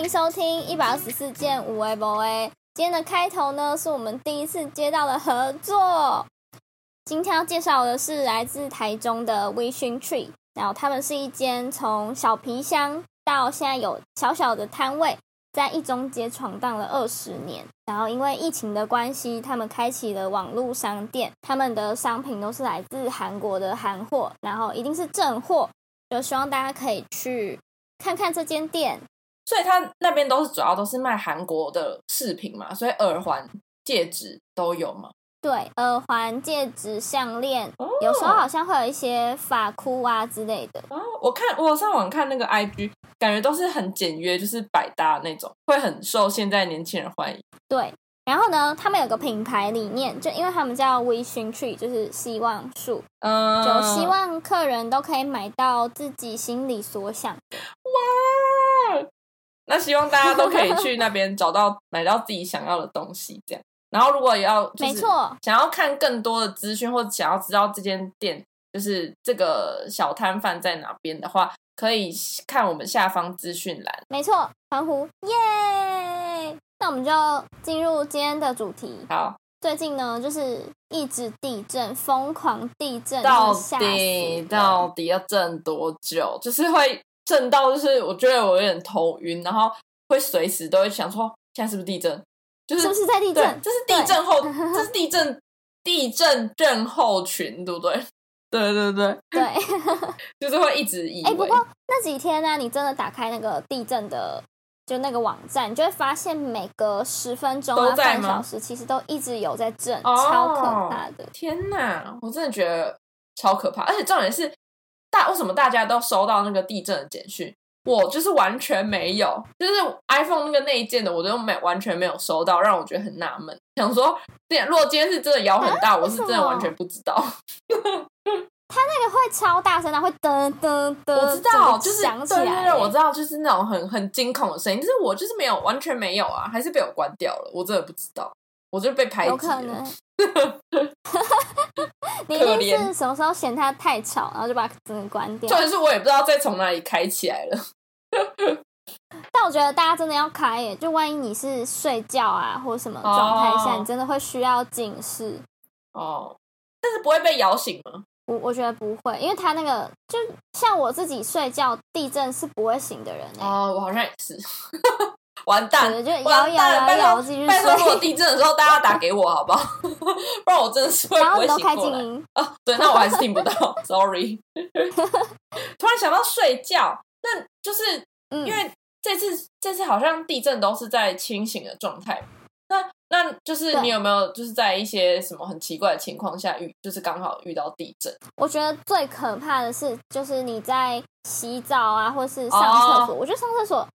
歡迎收聽一百二十四件五 A 播，今天的開頭呢，是我們第一次接到的合作。今天要介紹的是來自台中的 Wishing Tree，然後他們是一間從小皮箱到現在有小小的攤位，在一中街闖蕩了二十年。然後因為疫情的關係，他們開啟了網絡商店。他們的商品都是來自韓國的韓貨，然後一定是正貨，就希望大家可以去看看這間店。所以他那邊都是主要都是賣韓國的飾品嘛，所以耳環、戒指都有嘛。對，耳環、戒指、項鏈，oh. 有時候好像會有一些髮箍啊之類的。Oh, 我看我上網看那個 IG，感覺都是很簡約，就是百搭那種，會很受現在年輕人歡迎。對，然後呢，他們有個品牌理念，就因為他們叫 Wishing Tree，就是希望樹，嗯、oh.，就希望客人都可以買到自己心裡所想。哇、wow.！ 那希望大家都可以去那邊找到買到自己想要的東西，這樣。然後如果也要，沒錯，想要看更多的資訊，或者想要知道這間店就是這個小攤販在哪邊的話，可以看我們下方資訊欄。沒錯，歡呼耶！Yeah! 那我們就進入今天的主題。好，最近呢，就是一直地震，瘋狂地震，到底到底要震多久？就是會。震到就是，我覺得我有點頭暈，然後會隨時都會想說，現在是不是地震？就是，是不是在地震？就是地震後，這是地震 地震震後群，對不對？對對對對， 就是會一直以為。哎、欸，不過那幾天呢、啊，你真的打開那個地震的，就那個網站，你就會發現每隔十分鐘啊、半小時，其實都一直有在震、哦，超可怕的！天哪，我真的覺得超可怕，而且重點是。大為什麼大家都收到那個地震的簡訊？我就是完全沒有，就是 iPhone 那個內建的，我都沒完全沒有收到，讓我覺得很納悶，想說對，如果今天是真的搖很大，我是真的完全不知道。啊、 他那個會超大聲的，然後會噔噔噔，我知道，起來就是對對，對我知道，就是那種很很驚恐的聲音，就是我就是沒有，完全沒有啊，還是被我關掉了，我真的不知道，我就被排擠了。 你一定是什麼時候嫌它太吵，然後就把它整個關掉？就是我也不知道再從哪裡開起來了。 但我覺得大家真的要開，就萬一你是睡覺啊或者什麼狀態下，oh. 你真的會需要警示哦。Oh. 但是不會被搖醒嗎？我我覺得不會，因為他那個就像我自己睡覺，地震是不會醒的人哦。Oh, 我好像也是。 完蛋！搖搖搖搖，拜託，搖搖地震的時候 大家打給我，好不好？ 不然我真的是會不會醒過來？啊、對，那我還是聽不到 ，sorry。 突然想到睡覺，那就是、嗯、因為這次這次好像地震都是在清醒的狀態。那那，就是你有沒有就是在一些什麼很奇怪的情況下遇，就是剛好遇到地震？我覺得最可怕的是，就是你在洗澡啊，或是上廁所。哦、我覺得上廁所。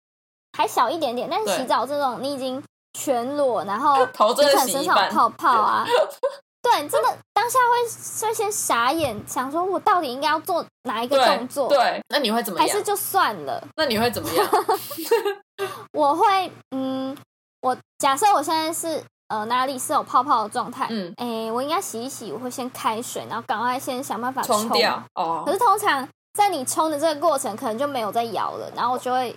還小一點點，但是洗澡這種，你已經全裸，然後很身上有泡泡啊， 對，真的，當下會率先傻眼，想說我到底應該要做哪一個動作？對，對，那你會怎麼樣？還是就算了？那你會怎麼樣？ 我會，嗯，我假設我現在是呃哪裡是有泡泡的狀態，嗯，哎、欸，我應該洗一洗，我會先開水，然後趕快先想辦法衝掉哦。可是通常在你衝的這個過程，可能就沒有再搖了，然後我就會。哦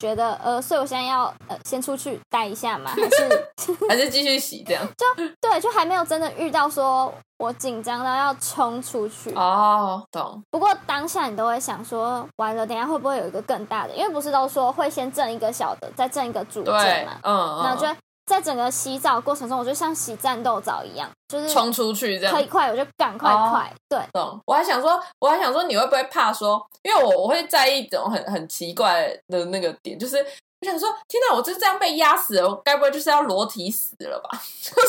覺得呃，所以我現在要呃，先出去待一下嘛，還是 還是繼續洗這樣？就對，就還沒有真的遇到說我緊張到要衝出去。哦，懂，oh。不過當下你都會想說，完了，等一下會不會有一個更大的？因為不是都說會先震一個小的，再震一個主震嘛。對。uh-oh。嗯嗯。那我覺得。在整個洗澡過程中，我就像洗戰鬥澡一樣，就是衝出去這樣，可以快，我就趕快快。Oh. 對，oh. Oh. 我還想說，我還想說，你會不會怕說，因為我我會在意一種很很奇怪的那個點，就是我想說，天哪，我就這樣被壓死了，我該不會就是要裸體死了吧？ 就是， 就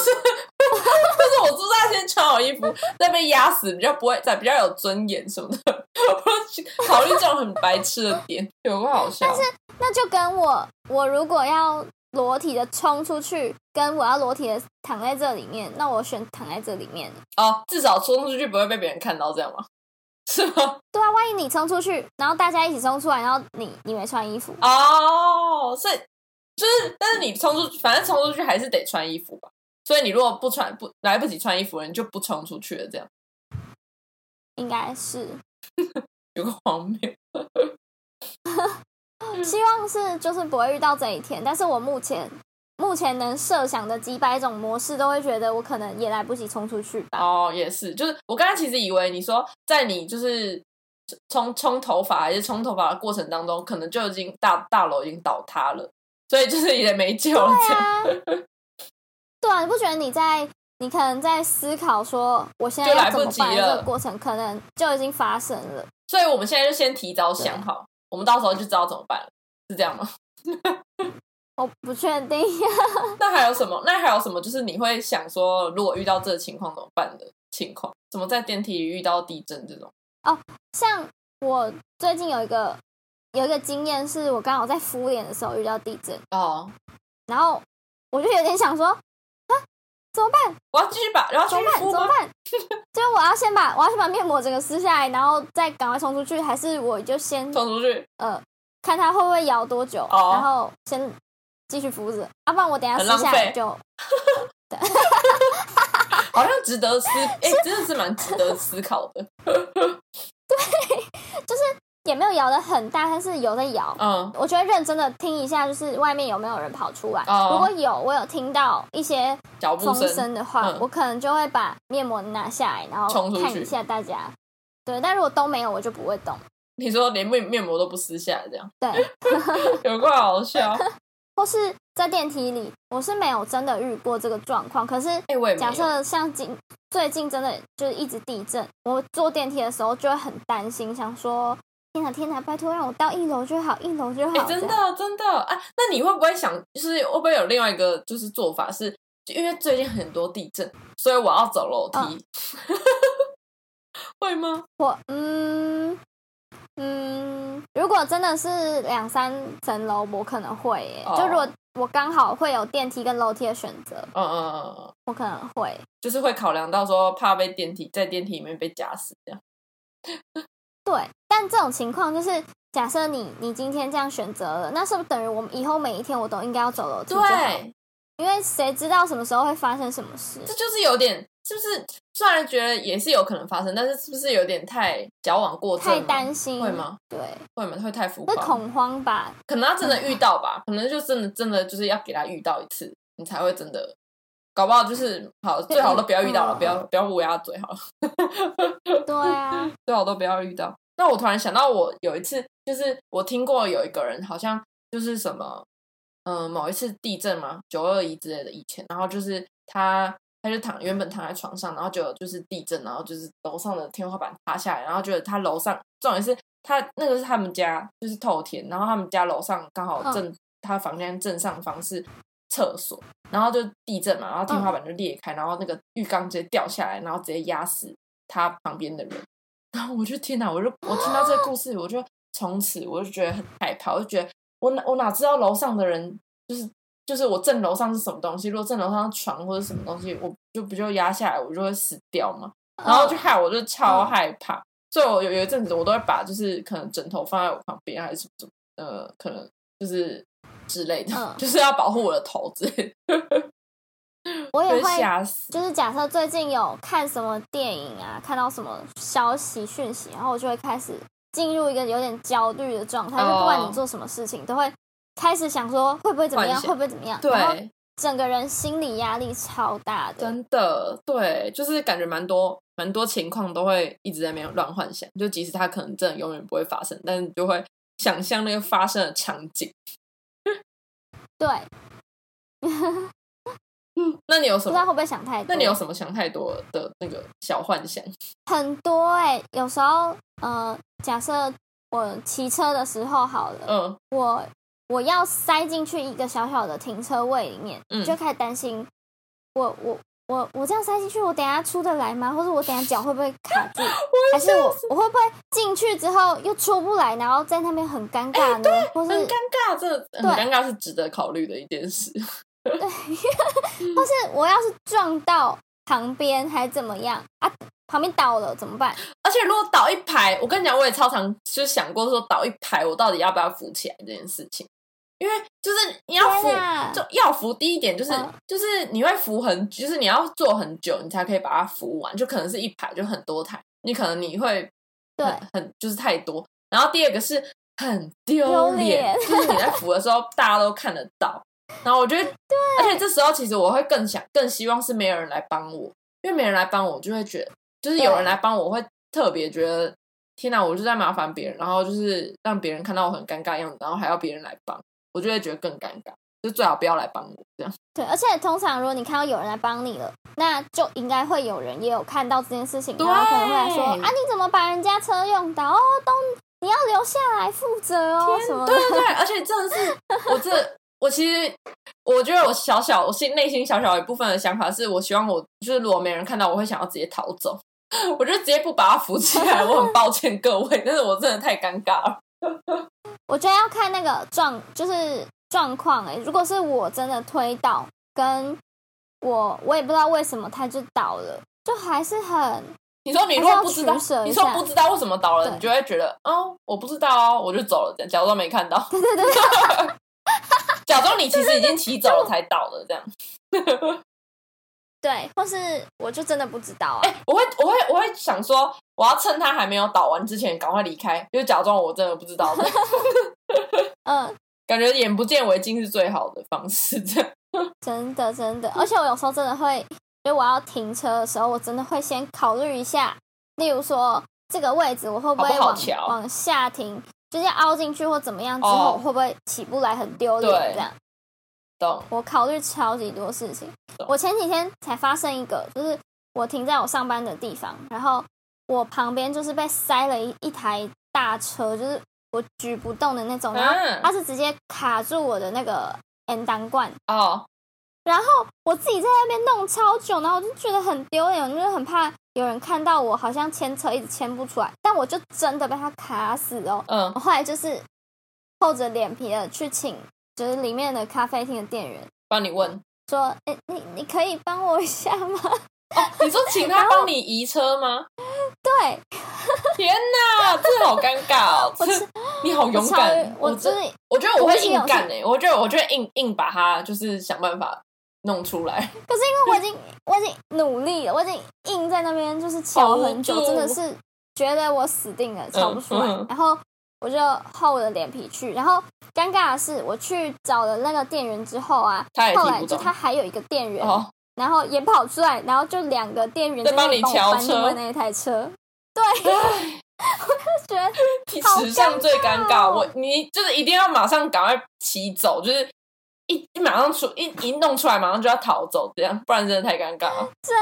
是我知道先穿好衣服再被壓死，比較不會在比較有尊嚴什麼的。我 考慮這種很白痴的點， 有個好笑。但是那就跟我我如果要。裸體的衝出去，跟我要裸體的躺在這裡面，那我選躺在這裡面。哦，至少衝出去不會被別人看到，這樣嗎？是嗎？對啊，萬一你衝出去，然後大家一起衝出來，然後你你沒穿衣服哦，所以就是，但是你衝出去，反正衝出去還是得穿衣服吧。所以你如果不穿，不來不及穿衣服，你就不衝出去了，這樣應該是 有個荒謬。 希望是就是不會遇到這一天，但是我目前目前能設想的幾百種模式，都會覺得我可能也來不及衝出去吧。哦，也是，就是我剛才其實以為你說在你就是沖沖頭髮還是沖頭髮的過程當中，可能就已經大大樓已經倒塌了，所以就是也沒救了。對啊， 對啊，你不覺得你在你可能在思考說我現在就來不及了，要怎麼辦的這個過程可能就已經發生了。所以我們現在就先提早想好。我們到時候就知道怎麼辦了，是這樣嗎？ 我不確定啊。那還有什麼？那還有什麼？就是你會想說，如果遇到這個情況怎麼辦的情況？怎麼在電梯裡遇到地震這種？哦，像我最近有一個有一個經驗，是我剛好在敷臉的時候遇到地震哦，然後我就有點想說。怎麼辦？我要繼續把，然後怎麼辦？怎麼辦？就我要先把我要先把面膜整個撕下來，然後再趕快衝出去，還是我就先衝出去？呃，看他會不會搖多久，oh. 然後先繼續敷着，啊不然，我等下撕下來就， 好像值得思，哎，真的是蠻值得思考的。 對，就是。也沒有搖的很大，但是有在搖。嗯，我覺得認真的聽一下，就是外面有沒有人跑出來。哦、如果有，我有聽到一些腳步聲的話聲、嗯，我可能就會把面膜拿下來，然後看一下大家。對，但如果都沒有，我就不會動。你說連面面膜都不撕下來，這樣？對， 有個好笑。 或是在電梯裡，我是沒有真的遇過這個狀況。可是假設，假設像最近真的就是一直地震，我坐電梯的時候就會很擔心，想說。天哪天哪！拜託讓我到一樓就好，一樓就好、欸。真的真的哎、啊，那你會不會想，就是會不會有另外一個就是做法是，是因為最近很多地震，所以我要走樓梯？哦、 會嗎？我嗯嗯，如果真的是兩三層樓，我可能會耶、哦。就如果我剛好會有電梯跟樓梯的選擇，嗯嗯嗯，我可能會，就是會考量到說怕被電梯在電梯裡面被夾死這樣 對，但這種情況就是，假設你你今天這樣選擇了，那是不是等於我們以後每一天我都應該要走樓梯？對，因為誰知道什麼時候會發生什麼事？這就是有點，是不是？雖然覺得也是有可能發生，但是是不是有點太矯枉過正？太擔心，會嗎？對，會嗎？會太浮？恐慌吧？可能他真的遇到吧？嗯、可能就真的真的就是要給他遇到一次，你才會真的。搞不好就是好，最好都不要遇到了，不要、嗯、不要烏鴉、嗯、嘴好了。 對啊，最好都不要遇到。那我突然想到，我有一次就是我聽過有一個人，好像就是什麼，嗯、呃，某一次地震嘛，九二一之類的以前，然後就是他他就躺原本躺在床上，然後就就是地震，然後就是樓上的天花板塌下來，然後覺得他樓上重點是他那個是他們家就是透天，然後他們家樓上剛好正、嗯、他房間正上方是。廁所，然後就地震嘛，然後天花板就裂開，嗯，然後那個浴缸直接掉下來，然後直接壓死他旁邊的人。然後我就天哪，我就我聽到這個故事，我就從此我就覺得很害怕，我就覺得我哪我哪知道樓上的人就是就是我正樓上是什麼東西，如果正樓上的床或者什麼東西，我就不就壓下來，我就會死掉嘛。然後就害我就超害怕，嗯，所以我有一陣子我都會把就是可能枕頭放在我旁邊，還是什麼什麼呃，可能就是。之類的、嗯，就是要保護我的頭 。我也會，就是假設最近有看什麼電影啊，看到什麼消息、訊息，然後我就會開始進入一個有點焦慮的狀態、哦，就不管你做什麼事情，都會開始想說會不會怎麼樣，會不會怎麼樣，對，整個人心理壓力超大的。真的，對，就是感覺蠻多蠻多情況都會一直在裡面亂幻想，就即使它可能真的永遠不會發生，但是你就會想象那個發生的場景。對、 嗯，那你有什麼？不知道會不會想太多？那你有什麼想太多的那個小幻想？很多哎、欸，有時候，呃，假設我騎車的時候好了，嗯、呃，我我要塞進去一個小小的停車位裡面，嗯、就開始擔心我，我我。我我這樣塞進去，我等下出得來嗎？或者我等下腳會不會卡住？還是我我會不會進去之後又出不來，然後在那邊很尷尬呢？欸、對，很尷尬，這很尷尬是值得考慮的一件事。對， 或是我要是撞到旁邊還怎麼樣啊？旁邊倒了怎麼辦？而且如果倒一排，我跟你講，我也超常就是想過說倒一排，我到底要不要扶起來這件事情。因為就是你要扶，就要扶第一點就是就是你會扶很，就是你要坐很久，你才可以把它扶完，就可能是一排就很多台，你可能你會很很就是太多。然後第二個是很丟臉，就是你在扶的時候大家都看得到。然後我覺得，而且這時候其實我會更想更希望是沒有人來幫我，因為沒人來幫我，就會覺得就是有人來幫我，我會特別覺得天哪，我就在麻煩別人，然後就是讓別人看到我很尷尬的樣子，然後還要別人來幫。我就會覺得更尷尬，就最好不要來幫我這樣。對，而且通常如果你看到有人來幫你了，那就應該會有人也有看到這件事情，對啊，然後可能會來說啊，你怎麼把人家車用到？哦？都你要留下來負責哦，什麼？對對對，而且真的是我這，我其實我覺得我小小我心內心小小一部分的想法是我希望我就是如果沒人看到，我會想要直接逃走，我就直接不把他扶起來。我很抱歉各位， 但是我真的太尷尬了。我覺得要看那個狀，就是狀況、欸。哎，如果是我真的推倒，跟我我也不知道為什麼他就倒了，就還是很……你說你如果不知道，你說不知道為什麼倒了，你就會覺得，哦，我不知道啊，我就走了，這樣。假裝沒看到，對對對 假裝你其實已經騎走了才倒了這樣。 對，或是我就真的不知道哎、啊欸，我會我會我會想說，我要趁他還沒有倒完之前，趕快離開，就假裝我真的不知道。 嗯，感覺眼不見為淨是最好的方式。真的真的，而且我有時候真的會，因為我要停車的時候，我真的會先考慮一下，例如說這個位置我會不會往好不好往下停，直、就、接、是、凹進去或怎麼樣之後，哦、我會不會起不來很丟臉這樣。對我考慮超級多事情。我前幾天才發生一個，就是我停在我上班的地方，然後我旁邊就是被塞了一一台大車，就是我舉不動的那種。然後他是直接卡住我的那個、M、單罐哦、啊。然後我自己在那邊弄超久，然後我就覺得很丟臉，就是、很怕有人看到我好像牽車一直牽不出來，但我就真的被他卡死哦、嗯。我後來就是厚着臉皮的去請。就是裡面的咖啡廳的店員幫你問，說：“欸、你你可以幫我一下嗎？哦、你說請他幫你移車嗎？”對，天哪、啊喔，這好尷尬！是你好勇敢，我真的我覺、就、得、是、我會硬幹誒，我覺得我會硬、欸、我我我我硬，硬把它就是想辦法弄出來。可是因為我已經我已經努力了，我已經硬在那邊就是敲很久、哦，真的是覺得我死定了，敲不出來。嗯、嗯嗯然後。我就厚着臉皮去，然後尷尬的是，我去找了那個店員之後啊，後來就他還有一個店員、哦，然後也跑出來，然後就兩個店員在幫你調車那台車，對， 我就覺得史上最尷尬，我你就是一定要馬上趕快騎走，就是一馬上出一一弄出來馬上就要逃走，這樣不然真的太尷尬了，真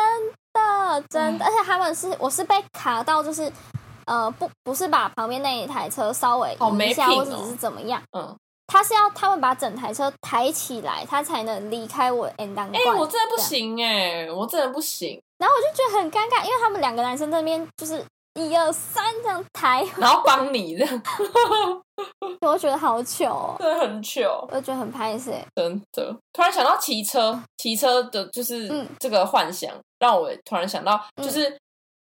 的真的、嗯，而且他們是我是被卡到就是。呃，不，不是把旁邊那一台車稍微一下，oh, 沒，或者是怎麼樣？嗯，他是要他們把整台車抬起來，他才能離開我。哎、欸，我真的不行，哎，我真的不行。然後我就覺得很尷尬，因為他們兩個男生在那邊就是一二三這樣抬，然後幫你這樣， 我覺得好糗、哦，真的很糗，我覺得很歹勢。真的，突然想到騎車，騎車的就是這個幻想，嗯、讓我突然想到就是、嗯。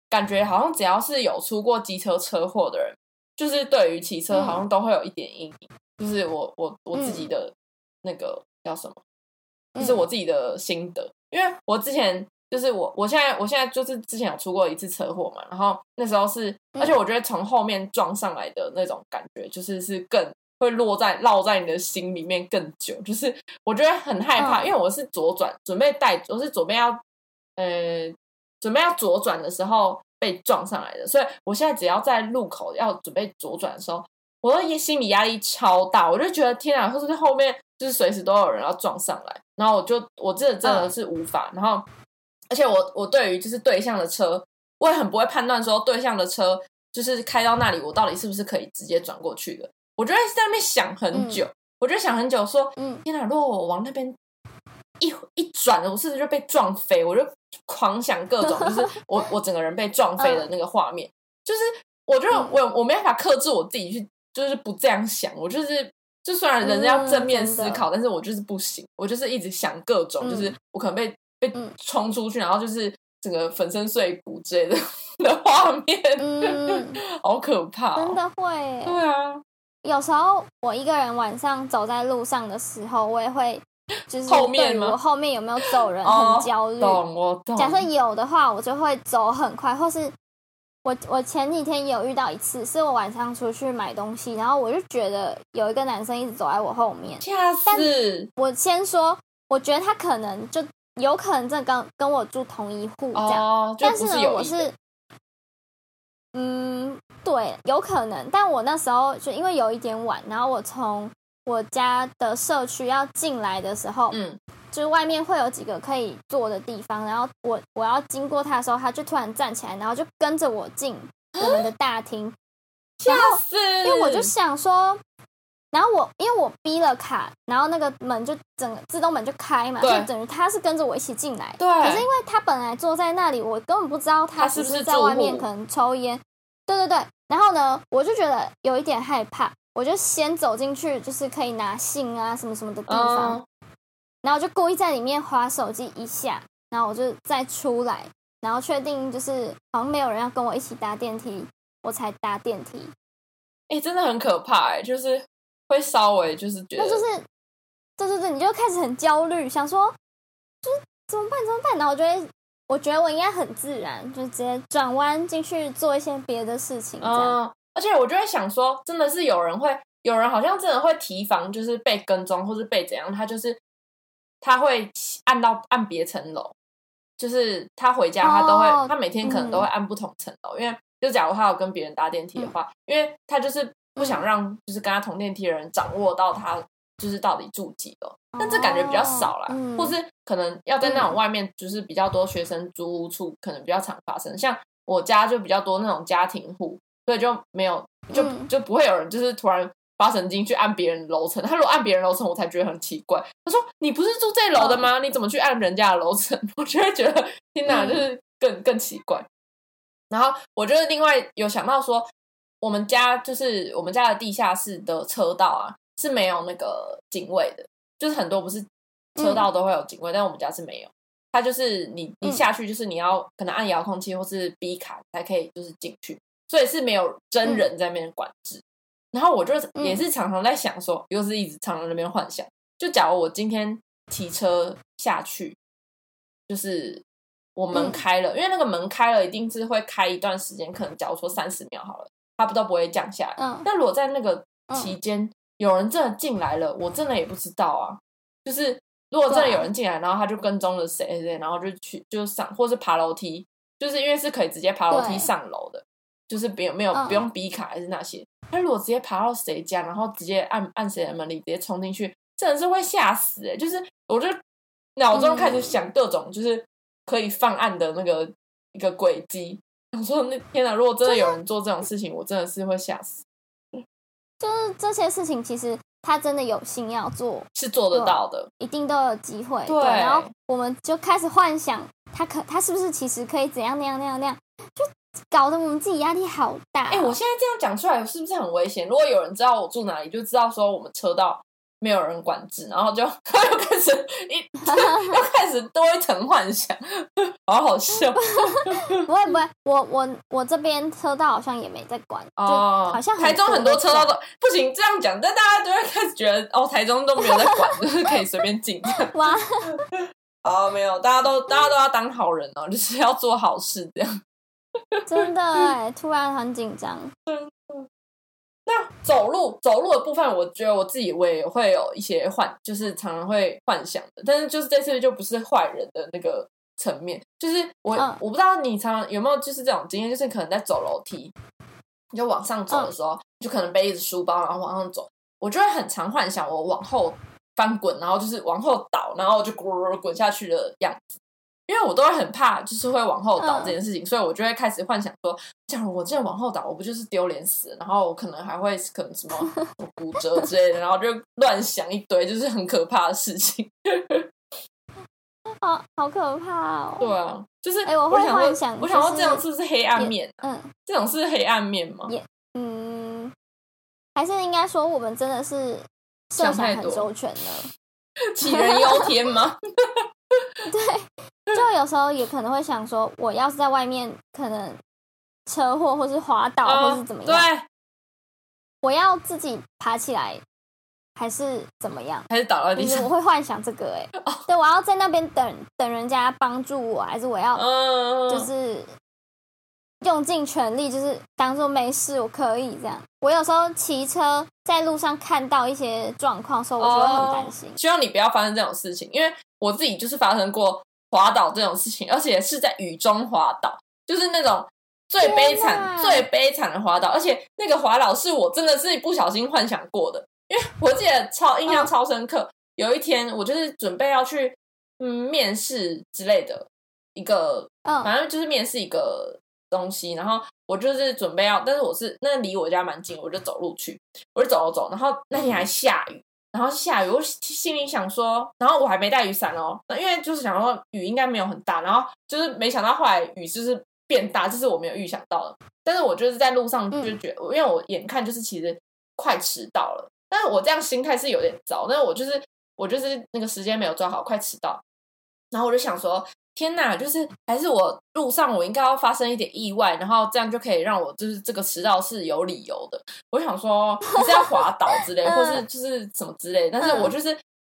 感覺好像只要是有出過機車車禍的人，就是對於騎車好像都會有一點陰影、嗯。就是我我我自己的那個叫什麼，就是我自己的心得。嗯、因為我之前就是我我現在我現在就是之前有出過一次車禍嘛，然後那時候是，而且我覺得從後面撞上來的那種感覺，就是是更會落在落在你的心裡面更久。就是我覺得很害怕，嗯、因為我是左轉準備帶，我是左邊要呃。準備要左轉的時候被撞上來的，所以我現在只要在路口要準備左轉的時候，我的心理壓力超大，我就覺得天啊，或不說後面就是隨時都有人要撞上來，然後我就我真的真的是無法，嗯、然後而且我我對於就是對向的車，我也很不會判斷說對向的車就是開到那裡我到底是不是可以直接轉過去的，我就在那邊想很久、嗯，我就想很久說，嗯，天哪，如果我往那邊。一一轉，我甚至就被撞飛，我就狂想各種， 就是我我整個人被撞飛的那個畫面、嗯，就是我覺得我我沒辦法克制我自己去，就是不這樣想，我就是就雖然人家要正面思考、嗯，但是我就是不行，我就是一直想各種，嗯、就是我可能被被衝出去，然後就是整個粉身碎骨之類的、嗯、的畫面， 好可怕、哦，真的會，對啊，有時候我一個人晚上走在路上的時候，我也會。就是後面，我後面有沒有走人？很焦慮。Oh, 假設有的話，我就會走很快，或是我我前幾天有遇到一次，是我晚上出去買東西，然後我就覺得有一個男生一直走在我後面。下次但是，我先說，我覺得他可能就有可能在跟跟我住同一戶這樣，oh。但是呢，我是嗯，對，有可能。但我那時候就因為有一點晚，然後我從。我家的社區要進來的時候，嗯，就是外面會有幾個可以坐的地方，然後我我要經過他的時候，他就突然站起來，然後就跟着我進我們的大廳。笑、嗯、死！因為我就想說，然後我因為我逼了卡，然後那個門就整個自動門就開嘛，就等於他是跟着我一起進來。對。可是因為他本來坐在那裡，我根本不知道他是不是在外面可能抽煙是是。對對對。然後呢，我就覺得有一點害怕。我就先走進去，就是可以拿信啊，什麼什麼的地方，um, 然後我就故意在裡面滑手機一下，然後我就再出來，然後確定就是好像沒有人要跟我一起搭電梯，我才搭電梯。哎、欸，真的很可怕。哎、欸，就是會稍微、欸、就是覺得，那就是對對對，你就開始很焦慮，想說就是怎麼辦怎麼辦？然後我覺得我覺得我應該很自然，就直接轉彎進去做一些別的事情這樣。Um, 而且我就會想說，真的是有人會，有人好像真的會提防，就是被跟蹤或是被怎樣。他就是他會按到按別層樓，就是他回家他都會，他每天可能都會按不同層樓，因為就假如他有跟別人搭電梯的話，因為他就是不想讓就是跟他同電梯的人掌握到他就是到底住幾樓。但這感覺比較少啦，或是可能要在那種外面，就是比較多學生租屋處，可能比較常發生。像我家就比較多那種家庭戶。對，就沒有就就不會有人，就是突然發神經去按別人樓層。他如果按別人樓層，我才覺得很奇怪。他說：“你不是住這樓的嗎？你怎麼去按人家的樓層？”我就會覺得天吶，就是更、嗯、更奇怪。然後我就是另外有想到說，我們家就是我們家的地下室的車道啊，是沒有那個警衛的。就是很多不是車道都會有警衛，嗯、但我們家是沒有。它就是你你下去，就是你要可能按遙控器或是 B 卡才可以，就是進去。所以是沒有真人在那邊管制、嗯，然後我就也是常常在想說，又、嗯、是一直常常在那邊幻想。就假如我今天騎車下去，就是我門開了，嗯、因為那個門開了，一定是會開一段時間，可能假如說三十秒好了，它不都不會降下來、嗯。但如果在那個期間、嗯、有人真的進來了，我真的也不知道啊。就是如果真的有人進來，然後他就跟蹤了誰誰、嗯，然後就去就上，或是爬樓梯，就是因為是可以直接爬樓梯上樓的。就是別沒有不用嗶卡，還是那些，他、嗯、如果直接爬到誰家，然後直接按按誰的門鈴，直接衝進去，真的是會嚇死、欸！哎，就是，我就腦中開始想各種，就是可以犯案的那個、嗯、一個軌跡。我說那天哪、啊，如果真的有人做這種事情，真我真的是會嚇死。就是這些事情，其實他真的有心要做，是做得到的，一定都有機會對。對，然後我們就開始幻想，他可他是不是其實可以怎樣那樣那樣那樣就。搞得我們自己壓力好大。哎，我現在這樣講出來，是不是很危險？如果有人知道我住哪裡，就知道說我們車道沒有人管制，然後就又開始一，開始多一層幻想，好好笑。不會不會，我我我這邊車道好像也沒在管哦，好像台中很多車道都不行。這樣講，但大家都會開始覺得哦，台中都沒有在管， 就是可以隨便進。哇，好沒有，大家都大家都要當好人哦，就是要做好事這樣。 真的，欸， 突然很緊張。真的。那走路走路的部分，我覺得我自己我也會有一些幻，就是常常會幻想的。但是就是這次就不是壞人的那個層面，就是我、嗯、我不知道你常常有沒有就是這種經驗，就是可能在走樓梯，你就往上走的時候，嗯、就可能背一隻書包然後往上走，我就會很常幻想我往後翻滾，然後就是往後倒，然後就咕嚕嚕滾下去的樣子。因為我都會很怕，就是會往後倒這件事情、嗯，所以我就會開始幻想說，假如我這樣往後倒，我不就是丟臉死，然後我可能還會可能什麼骨折之類的， 然後就亂想一堆，就是很可怕的事情好。好可怕哦！對啊，就是哎、欸，我會幻想，就是、我想說這種是不是黑暗面、啊，嗯，這種是，是黑暗面嗎也？嗯，還是應該說我們真的是設想很周全呢杞 人憂天嗎？ 對。就有時候也可能會想說，我要是在外面，可能車禍或是滑倒或是怎麼樣、oh，對。我要自己爬起來還是怎麼樣？還是倒到地上。怎麼會幻想這個哎、欸 oh，對我要在那邊等等人家幫助我，還是我要就是用盡全力，就是當做沒事，我可以這樣。我有時候騎車在路上看到一些狀況時候，我就會很擔心、oh。希望你不要發生這種事情，因為我自己就是發生過。滑倒這種事情，而且是在雨中滑倒，就是那種最悲慘、最悲慘的滑倒。而且那個滑倒是我真的是不小心幻想過的，因為我記得超印象超深刻。哦、有一天，我就是準備要去、嗯、面試之類的，一個反正、哦、就是面試一個東西，然後我就是準備要，但是我是那個、離我家蠻近，我就走路去，我就走走走，然後那天還下雨。然後下雨，我心裡想說，然後我還沒帶雨傘哦，因為就是想說雨應該沒有很大，然後就是沒想到後來雨就是變大，這是我沒有預想到的。但是我就是在路上就覺得、嗯，因為我眼看就是其實快遲到了，但是我這樣心態是有點糟，但是我就是我就是那個時間沒有抓好，快遲到，然後我就想說。天哪，就是還是我路上我應該要發生一點意外，然後這樣就可以讓我就是這個遲到是有理由的。我想說，你是要滑倒之類，或是就是什麼之類。但是我就是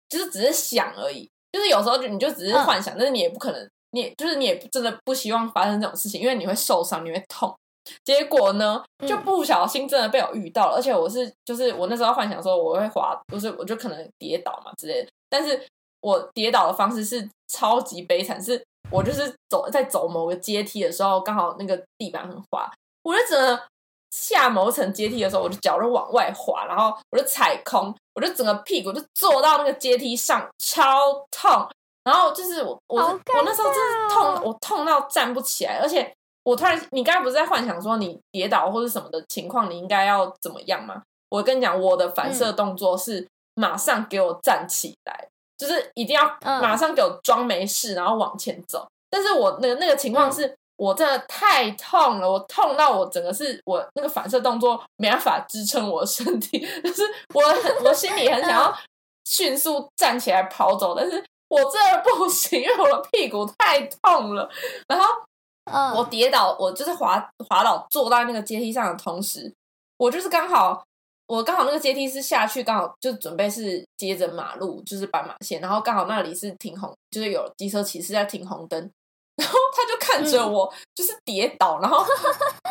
就是只是想而已，就是有時候就你就只是幻想，但是你也不可能，你也就是你也真的不希望發生這種事情，因為你會受傷，你會痛。結果呢，就不小心真的被我遇到了，嗯、而且我是就是我那時候幻想說我會滑，不、就是我就可能跌倒嘛之類的，但是我跌倒的方式是超級悲慘，是。我就是走在走某個階梯的時候，剛好那個地板很滑，我就整個下某層階梯的時候，我的腳就往外滑，然後我就踩空，我就整個屁股就坐到那個階梯上，超痛。然後就是我我我那時候就是痛，我痛到站不起來，而且我突然你剛才不是在幻想說你跌倒、或是什麼的情況，你應該要怎麼樣嗎？我跟你講，我的反射動作是馬上給我站起來。嗯就是一定要馬上給我裝沒事、嗯，然後往前走。但是我那個、那個情況是我真的太痛了、嗯，我痛到我整個是我那個反射動作沒辦法支撐我身體。就是我我心裡很想要迅速站起來跑走，嗯、但是我真的不行，因為我的屁股太痛了。然後我跌倒，我就是滑滑倒坐在那個階梯上的同時，我就是剛好。我剛好那個階梯是下去，剛好就準備是接着馬路，就是斑馬線，然後剛好那裡是停紅，就是有機車騎士在停紅燈，然後他就看着我，就是跌倒、嗯，然後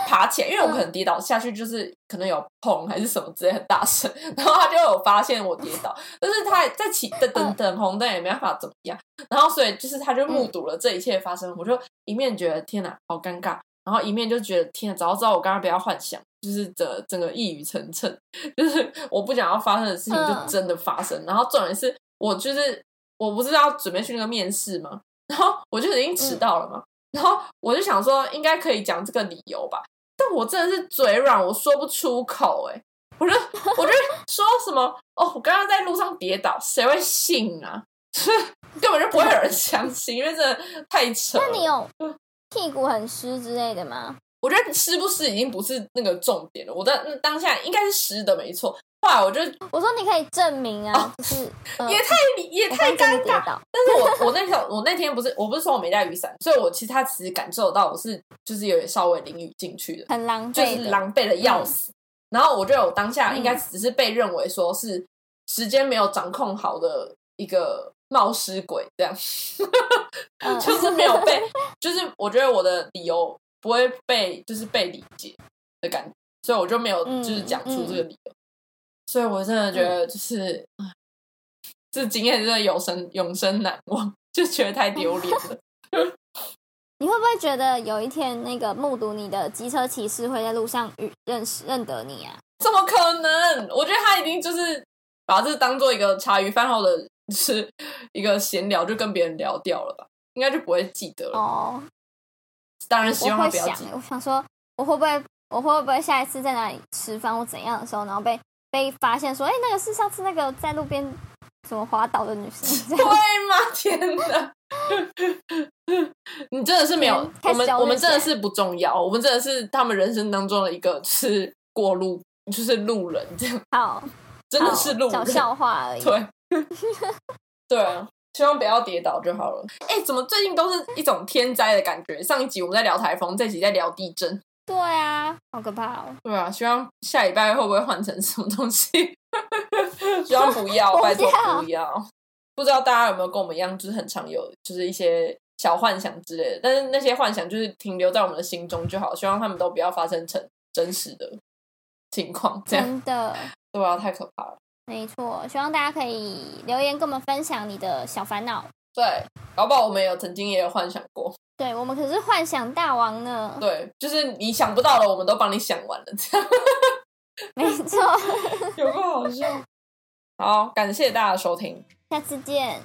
爬起來，因為我可能跌倒下去就是可能有碰還是什麼之類很大聲，然後他就有發現我跌倒，但是他在騎在等等紅燈也沒辦法怎麼樣，然後所以就是他就目睹了這一切發生、嗯，我就一面覺得天哪，好尷尬。然後一面就覺得天啊，早知道我剛剛不要幻想，就是整整個一語成讖，就是我不想要發生的事情就真的發生。嗯、然後重點是，我就是我不是要準備去那個面試嗎？然後我就已經遲到了嘛、嗯。然後我就想說，應該可以講這個理由吧。但我真的是嘴軟，我說不出口、欸。哎，我就我就說什麼 哦，我剛剛在路上跌倒，誰會信啊？ 根本就不會有人相信，因為真的太扯了。那你有屁股很濕之類的嗎？我覺得濕不濕已經不是那個重點了。我的那當下應該是濕的沒，沒錯。後來我就，我說你可以證明啊，哦就是也太、呃、也太尷尬。但是我我那天 我那天不是我不是說我沒帶雨傘，所以我其實他其實感受到我是就是有點稍微淋雨進去的，很狼狽，就是狼狽的要死、嗯。然後我覺得我當下應該只是被認為說是時間沒有掌控好的一個。冒失鬼這樣， 就是沒有被， 就是我覺得我的理由不會被，就是被理解的感覺，所以我就沒有就是講出這個理由、嗯嗯。所以我真的覺得、就是嗯，就是這經驗真的永生永生難忘，就覺得太丟臉了。 你會不會覺得有一天那個目睹你的機車騎士會在路上認識認得你啊？怎麼可能？我覺得他已經就是把這當做一個茶餘飯後的。是一個閒聊，就跟別人聊掉了吧，應該就不會記得了。哦、oh,，當然希望不要記。我想說，我會不會，我會不會下一次在哪裡吃飯或怎樣的時候，然後被被發現說，哎、欸，那個是上次那個在路邊什麼滑倒的女生，對嗎？天哪！ 你真的是沒有，我們我們真的是不重要，我們真的是他們人生當中的一個是過路，就是路人這樣。好，真的是路人，講笑話而已。對。 對啊，希望不要跌倒就好了。哎，怎麼最近都是一種天災的感覺？上一集我們在聊颱風，這一集在聊地震。對啊，好可怕哦。對啊，希望下禮拜會不會換成什麼東西？ 希望不要，拜託，不要。不知道大家有沒有跟我們一樣，就是很常有，就是一些小幻想之類的。但是那些幻想就是停留在我們的心中就好，希望他們都不要發生成真實的情況這樣。真的，對啊，太可怕了。沒錯，希望大家可以留言跟我們分享你的小煩惱。對，老寶，我們有曾經也有幻想過。對，我們可是幻想大王呢。對，就是你想不到的，我們都幫你想完了這樣。 沒錯錯， 有個好笑。 好，感謝大家的收聽，下次見。